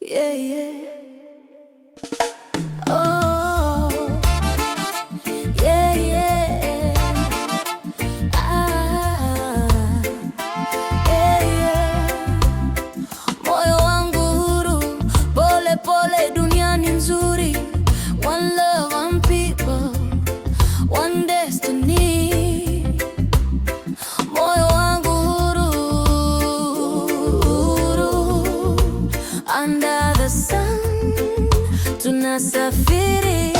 Yeah, yeah. ninasafiri,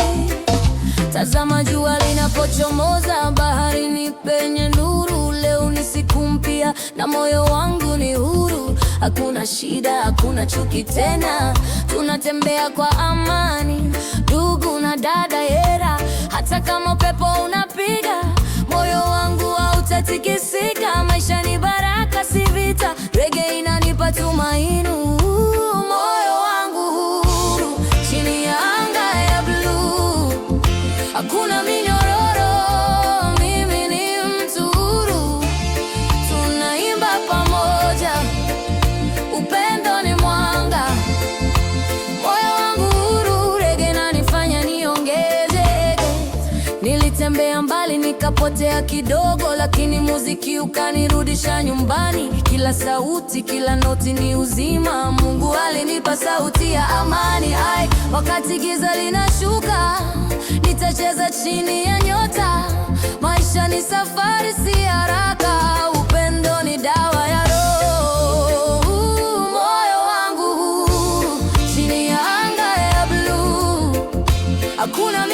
tazama jua linapochomoza baharini penye nuru. Leo ni siku mpya na moyo wangu ni huru, hakuna shida, hakuna chuki tena, tunatembea kwa amani, ndugu na dada yera Nilitembea mbali nikapotea kidogo, lakini muziki ukanirudisha nyumbani. Kila sauti, kila noti ni uzima. Mungu alinipa sauti ya amani. Ai, wakati giza linashuka, nitacheza chini ya nyota. Maisha ni safari, si haraka. Upendo ni dawa ya Hakuna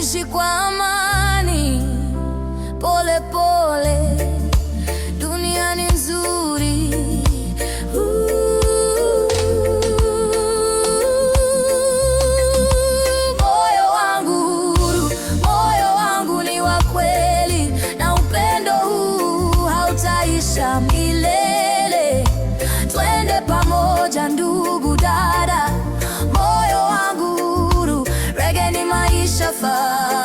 tunaishi kwa amani pole pole, dunia ni nzuri moyo wangu huru, moyo wangu ni wa kweli, na upendo huu hautaisha milele, twende pamoja. Maisha faz.